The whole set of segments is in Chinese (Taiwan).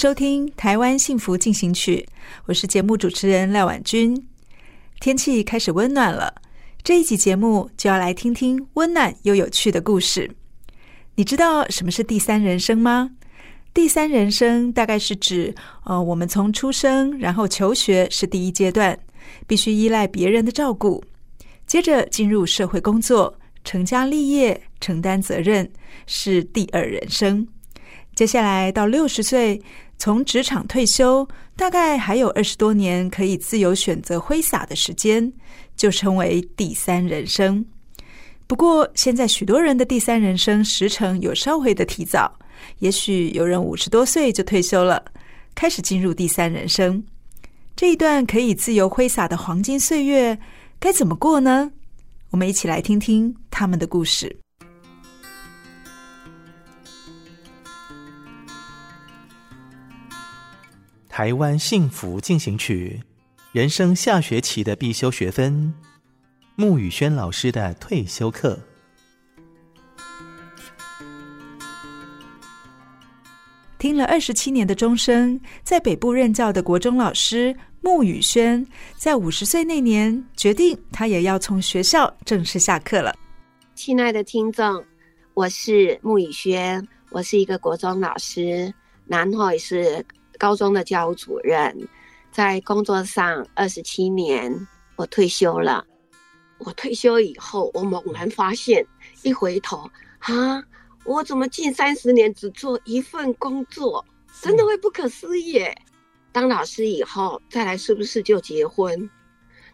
收聽《台灣幸福進行曲》，我是節目主持人賴婉君。天氣開始溫暖了，這一集節目就要來聽聽溫暖又有趣的故事。你知道什麼是第三人生嗎？第三人生大概是指，呃，我們從出生然後求學是第一階段，必須依賴別人的照顧，接着進入社會工作、成家立業、承擔責任是第二人生，接下來到六十歲。從職場退休，大概還有二十多年可以自由選擇揮灑的時間，就稱為第三人生。不過，現在許多人的第三人生時程有稍微的提早，也許有人五十多歲就退休了，開始進入第三人生。這一段可以自由揮灑的黃金歲月，該怎麼過呢？我們一起來聽聽他們的故事。台灣幸福進行曲，人生下學期的必修學分。牧語軒老師的退休課，聽了二十七年的鐘聲，在北部任教的國中老師牧語軒，在五十歲那年決定，她也要從學校正式下課了。親愛的聽眾，我是牧語軒，我是一個國中老師，然後也是。高中的教務主任，在工作上二十七年，我退休了。我退休以後，我猛然發現，一回頭，啊，我怎麼近三十年只做一份工作？真的會不可思議耶。當老師以後再來，是不是就結婚？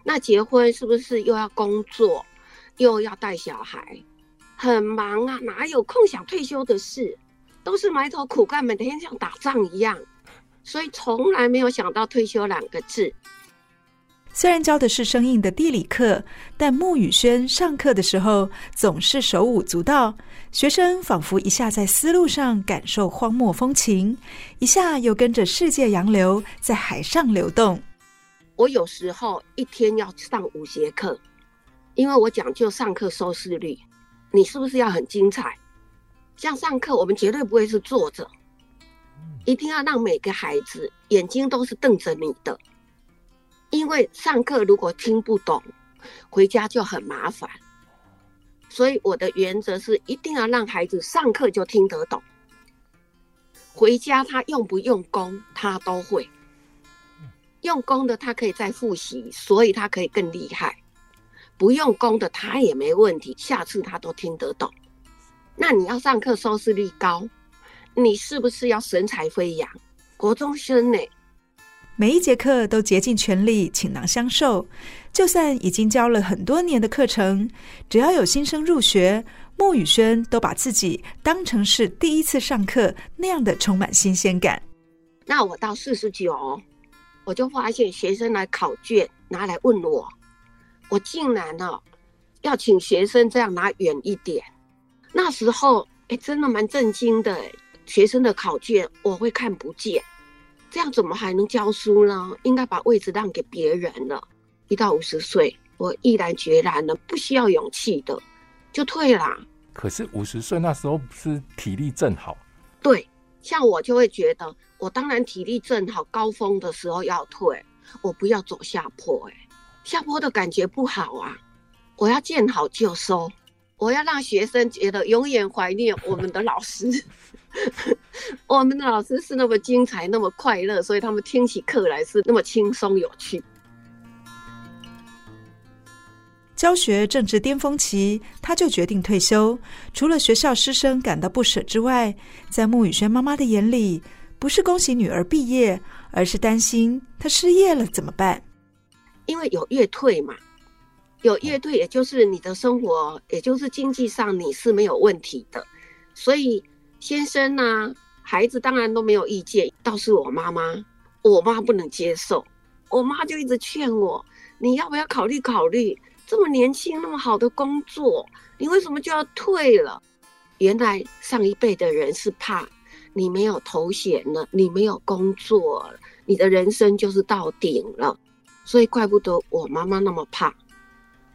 那結婚是不是又要工作，又要帶小孩，很忙啊，哪有空想退休的事？都是埋頭苦幹，每天像打仗一樣。所以從來沒有想到退休兩個字。雖然教的是生硬的地理課，但牧語軒上課的時候總是手舞足蹈，學生仿佛一下在絲路上感受荒漠風情，一下又跟着世界洋流在海上流動。我有時候一天要上五節課，因為我講究上課收視率，你是不是要很精彩？像上課，我們絕對不會是坐着。一定要讓每個孩子眼睛都是瞪着你的，因為上課如果聽不懂，回家就很麻煩。所以我的原則是，一定要讓孩子上課就聽得懂。回家他用不用功，他都會。用功的他可以再複習，所以他可以更厲害；不用功的他也沒問題，下次他都聽得懂。那你要上課收視率高。你是不是要神采飛揚，國中生呢、欸？每一節課都竭盡全力，傾囊相授。就算已經教了很多年的課程，只要有新生入學，牧語軒都把自己當成是第一次上課那樣的充滿新鮮感。那我到四十九，我就發現學生來考卷，拿來問我，我竟然呢、哦、要請學生這樣拿遠一點。那時候，哎，真的蠻震驚的誒。學生的考卷，我會看不見，這樣怎麼還能教書呢？應該把位置讓給別人了。一到五十歲，我毅然決然的，不需要勇氣的，就退啦。可是五十歲那時候不是體力正好。對，像我就會覺得，我當然體力正好，高峰的時候要退，我不要走下坡，欸，哎，下坡的感覺不好啊。我要見好就收，我要讓學生覺得永遠懷念我們的老師。 我們的老師是那麼精彩，那麼快樂，所以他們聽起課來是那麼輕鬆有趣。教學正值巔峰期，他就決定退休。除了學校師生感到不捨之外，在牧語軒媽媽的眼裡，不是恭喜女兒畢業，而是擔心她失業了怎麼辦？因為有樂退嘛，有樂退，也就是你的生活，也就是經濟上你是沒有問題的，所以。先生呢、啊？孩子當然都沒有意見，倒是我媽媽，我媽不能接受，我媽就一直勸我，你要不要考慮考慮？這麼年輕，那麼好的工作，你為什麼就要退了？原來上一輩的人是怕你沒有頭銜了，你沒有工作了，你的人生就是到頂了，所以怪不得我媽媽那麼怕。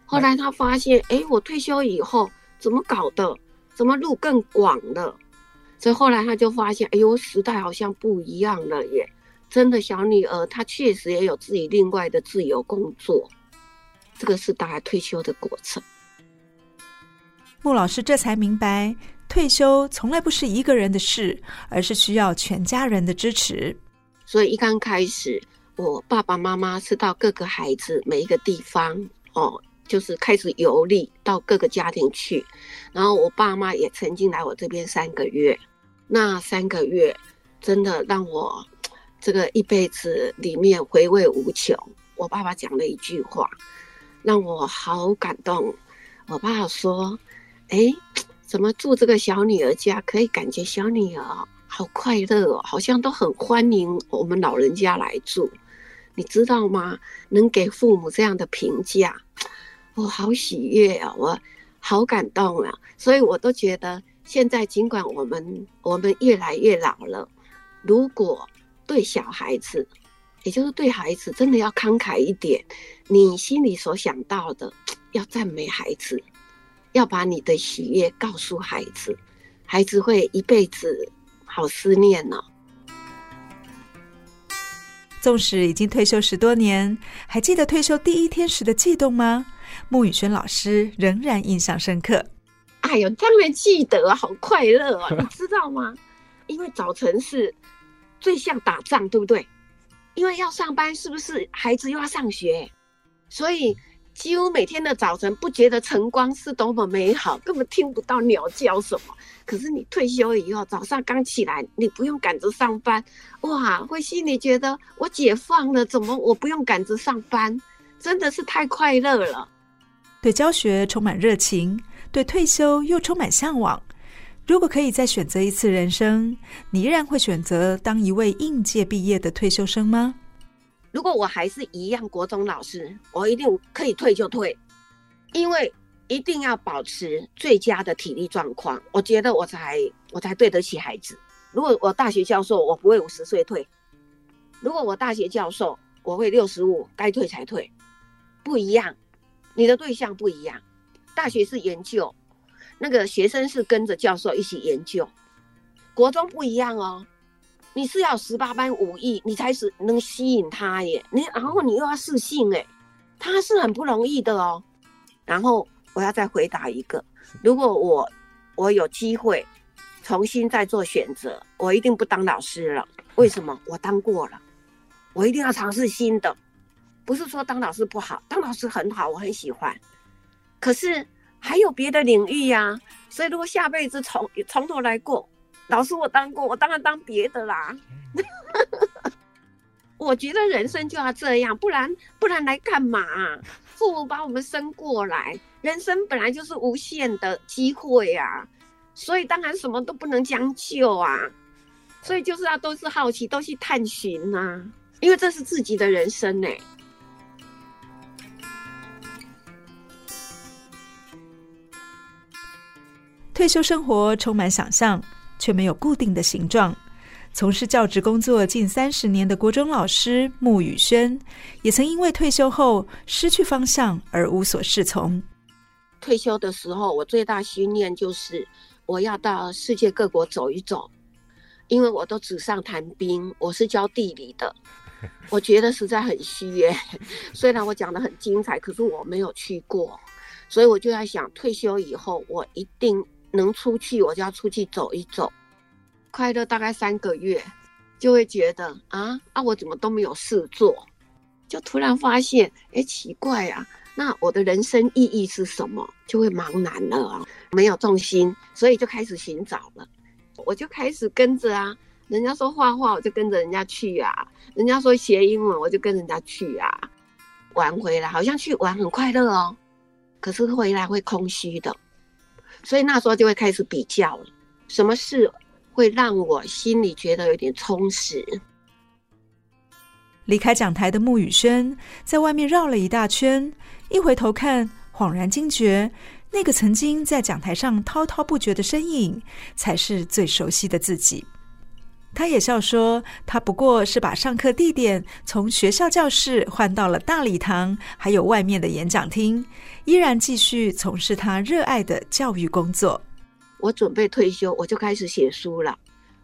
後來她發現，哎唉、欸，我退休以後怎麼搞的？怎麼路更廣了？所以後來他就發現，哎呦，時代好像不一樣了耶！真的，小女兒她確實也有自己另外的自由工作，這個是大家退休的過程。牧老師這才明白，退休從來不是一個人的事，而是需要全家人的支持。所以一剛開始，我爸爸媽媽是到各個孩子每一個地方哦，就是開始遊歷到各個家庭去。然後我爸媽也曾經來我這邊三個月。那三個月，真的讓我這個一輩子裡面回味無窮。我爸爸講了一句話，讓我好感動。我爸爸說：“欸，怎麼住這個小女兒家，可以感覺小女兒好快樂哦，好像都很歡迎我們老人家來住。你知道嗎？能給父母這樣的評價，我好喜悅啊，我好感動啊。所以，我都覺得。”現在儘管我們我們越來越老了，如果對小孩子，也就是對孩子，真的要慷慨一點，你心裡所想到的，要讚美孩子，要把你的喜悅告訴孩子，孩子會一輩子好思念呢、哦。縱使已經退休十多年，還記得退休第一天時的悸動嗎？牧語軒老師仍然印象深刻。哎呦，特別記得，啊，好快樂啊， 你知道嗎？因為早晨是最像打仗，對不對？因為要上班，是不是？孩子又要上學，所以幾乎每天的早晨不覺得晨光是多麼美好，根本聽不到鳥叫什麼。可是你退休以後，早上剛起來，你不用趕着上班，哇，會心裡覺得我解放了，怎麼我不用趕着上班？真的是太快樂了。對教學充滿熱情。對退休又充滿嚮往。如果可以再選擇一次人生，你依然會選擇當一位應屆畢業的退休生嗎？如果我還是一樣國中老師，我一定可以退就退，因為一定要保持最佳的體力狀況。我覺得我才我才對得起孩子。如果我大學教授，我不會五十歲退；如果我大學教授，我會六十五，該退才退，不一樣，你的對象不一樣。大學是研究，那個學生是跟着教授一起研究。國中不一樣哦，你是要十八般武藝，你才始能吸引他耶。你然後你又要自信耶，他是很不容易的哦。然後我要再回答一個，如果我我有機會重新再做選擇，我一定不當老師了。為什麼？我當過了，我一定要嘗試新的。不是說當老師不好，當老師很好，我很喜歡。可是還有別的領域呀、啊，所以如果下輩子從從頭來過，老師我當過，我當然當別的啦。 我覺得人生就要這樣，不然不然來幹嘛、啊？父母把我們生過來，人生本來就是無限的機會啊，所以當然什麼都不能將就啊，所以就是要都是好奇，都去探尋吶、啊，因為這是自己的人生呢、欸。退休生活充滿想象卻沒有固定的形狀。從事教職工作近三十年的國中老師牧語軒，也曾因為退休後失去方向而無所適從。退休的時候，我最大心願就是我要到世界各國走一走，因為我都紙上談兵，我是教地理的，我覺得實在很虛耶。雖然我講得很精彩，可是我沒有去過，所以我就在想，退休以後我一定能出去我就要出去走一走，快樂大概三個月，就會覺得啊啊，我怎麼都沒有事做，就突然發現，哎、欸，奇怪啊，那我的人生意義是什麼？就會茫然了啊、喔，沒有重心，所以就開始尋找了。我就開始跟着啊，人家說畫畫，我就跟着人家去啊，人家說學英文，我就跟人家去啊，玩回來好像去玩很快樂哦，可是回來會空虛的。所以那時候就會開始比較，什麼事會讓我心裡覺得有點充實？離開講台的牧語軒，在外面繞了一大圈，一回頭看，恍然驚覺，那個曾經在講台上滔滔不絕的身影，才是最熟悉的自己。他也笑說：“他不過是把上課地點從學校教室換到了大禮堂，還有外面的演講廳，依然繼續從事他熱愛的教育工作。我準備退休，我就開始寫書了。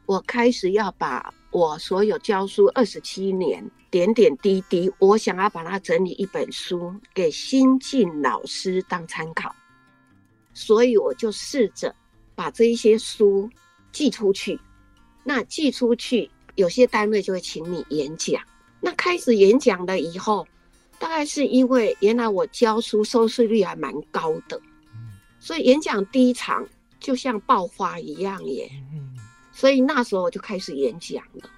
我開始要把我所有教書二十七年點點滴滴，我想要把它整理一本書，給新進老師當參考。所以我就試着把這些書寄出去。”那寄出去，有些單位就會請你演講。那開始演講了以後，大概是因為原來我教書收視率還蠻高的，所以演講第一場就像爆發一樣耶。所以那時候我就開始演講了，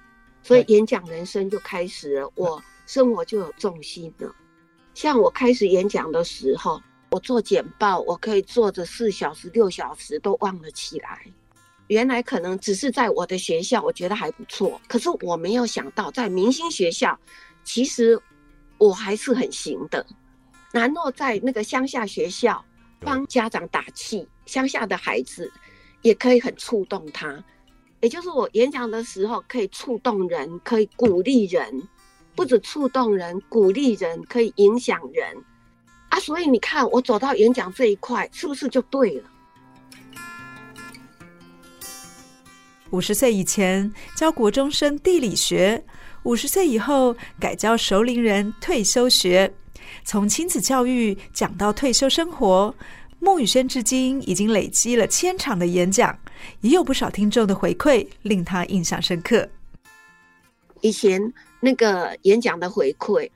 所以演講人生就開始了，我生活就有重心了。像我開始演講的時候，我做簡報，我可以坐着四小時、六小時都忘了起來。原來可能只是在我的學校，我覺得還不錯。可是我沒有想到，在明星學校，其實我還是很行的。然後在那個鄉下學校，幫家長打氣，鄉下的孩子也可以很觸動他。也就是我演講的時候，可以觸動人，可以鼓勵人，不只觸動人，鼓勵人，可以影響人啊！所以你看，我走到演講這一塊，是不是就對了？五十歲以前教國中生地理學，五十歲以後改教熟齡人退休學，從親子教育講到退休生活。牧語軒至今已經累積了千場的演講，也有不少聽眾的回饋令他印象深刻。以前那個演講的回饋，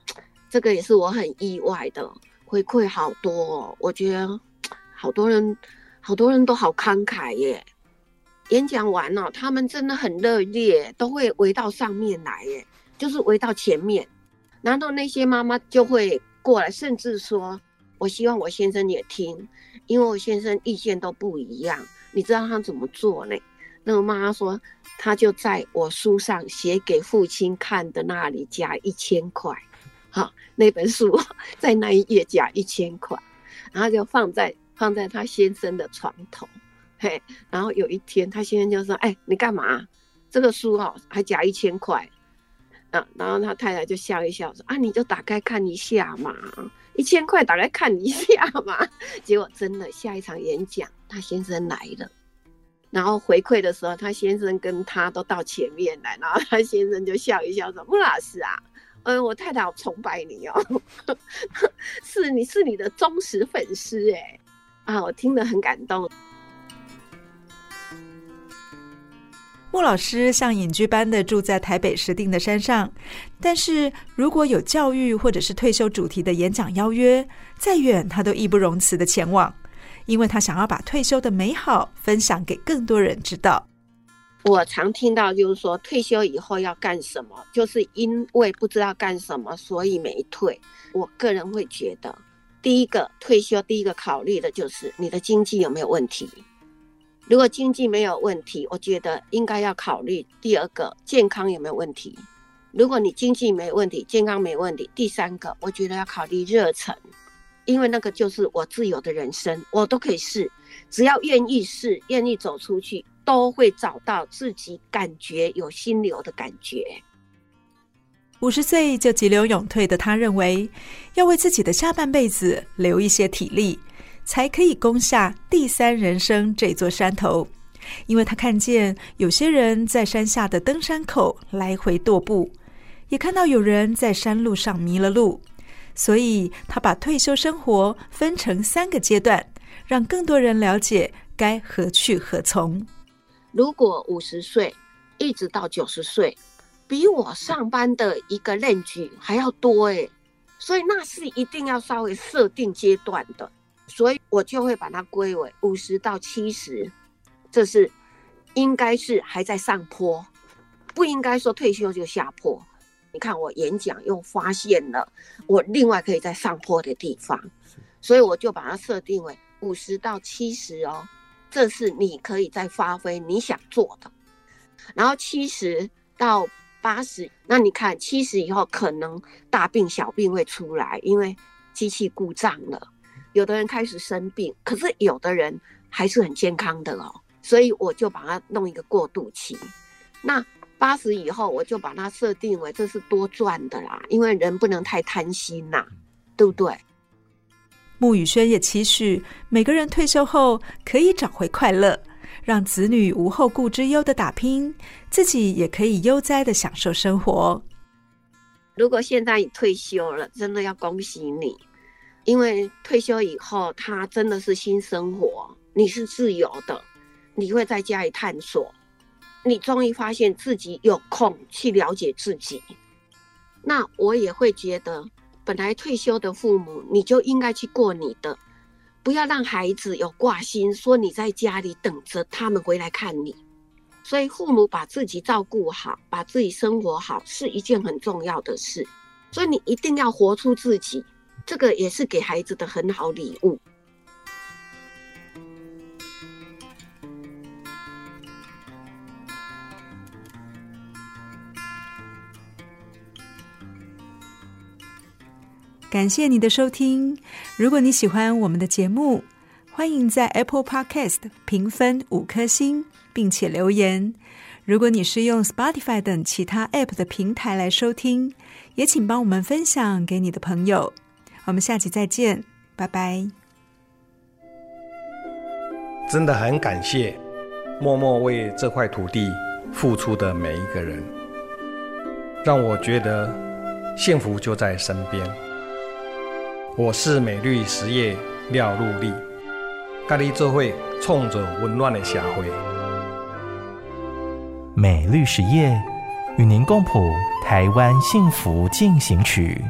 這個也是我很意外的回饋，好多哦，我覺得好多人好多人都好慷慨耶。演講完了、哦，他們真的很熱烈，都會圍到上面來，哎，就是圍到前面。然後那些媽媽就會過來，甚至說：“我希望我先生也聽，因為我先生意見都不一樣。”你知道他怎麼做呢？那個媽媽說：“他就在我書上寫給父親看的那裡加一千塊，好，那本書在那一頁加一千塊，然後就放在放在他先生的床頭。”嘿，然後有一天，他先生就說：“哎、欸，你幹嘛？這個書哦，還夾一千塊。啊”嗯，然後他太太就笑一笑說：“啊，你就打開看一下嘛，一千塊打開看一下嘛。”結果真的下一場演講，他先生來了，然後回饋的時候，他先生跟他都到前面來，然後他先生就笑一笑說：“牧老師啊，嗯、呃，我太太好崇拜你哦， 是你是你的忠實粉絲哎，啊，我聽得很感動。”牧老師像隱居般的住在台北石碇的山上，但是如果有教育或者是退休主題的演講邀約，再遠他都義不容辭的前往，因為他想要把退休的美好分享給更多人知道。我常聽到就是說退休以後要幹什麼，就是因為不知道幹什麼，所以沒退。我個人會覺得，第一個退休，第一個考慮的就是你的經濟有沒有問題。如果經濟沒有問題，我覺得應該要考慮第二個健康有沒有問題。如果你經濟沒問題，健康沒問題，第三個我覺得要考慮熱忱，因為那個就是我自由的人生，我都可以試，只要願意試，願意走出去，都會找到自己感覺有心流的感覺。五十歲就急流勇退的他，認為要為自己的下半輩子留一些體力。才可以攻下第三人生這座山頭，因為他看見有些人在山下的登山口來回踱步，也看到有人在山路上迷了路，所以他把退休生活分成三個階段，讓更多人了解該何去何從。如果五十歲一直到九十歲，比我上班的一個任期還要多誒，所以那是一定要稍微設定階段的。所以我就會把它歸為五十到七十，這是應該是還在上坡，不應該說退休就下坡。你看我演講又發現了，我另外可以在上坡的地方，所以我就把它設定為五十到七十哦，這是你可以再發揮你想做的。然後七十到八十，那你看七十以後可能大病小病會出來，因為機器故障了。有的人開始生病，可是有的人還是很健康的哦，所以我就把它弄一個過渡期。那八十以後，我就把它設定為這是多賺的啦，因為人不能太貪心吶、啊，對不對？牧語軒也期許每個人退休後可以找回快樂，讓子女無後顧之憂的打拼，自己也可以悠哉的享受生活。如果現在你退休了，真的要恭喜你。因為退休以後，他真的是新生活，你是自由的，你會在家裡探索，你終於發現自己有空去了解自己。那我也會覺得，本來退休的父母，你就應該去過你的，不要讓孩子有掛心，說你在家裡等着他們回來看你。所以，父母把自己照顧好，把自己生活好，是一件很重要的事。所以，你一定要活出自己。這個也是給孩子的很好禮物。感謝你的收聽。如果你喜歡我們的節目，歡迎在 Apple Podcast 評分五顆星，並且留言。如果你是用 Spotify 等其他 App 的平台來收聽，也請幫我們分享給你的朋友。我們下集再見，拜拜。真的很感謝默默為這塊土地付出的每一個人，讓我覺得幸福就在身邊。我是美律實業廖祿立甲你做伙創造溫暖的社會。美律實業與您共譜台灣幸福進行曲。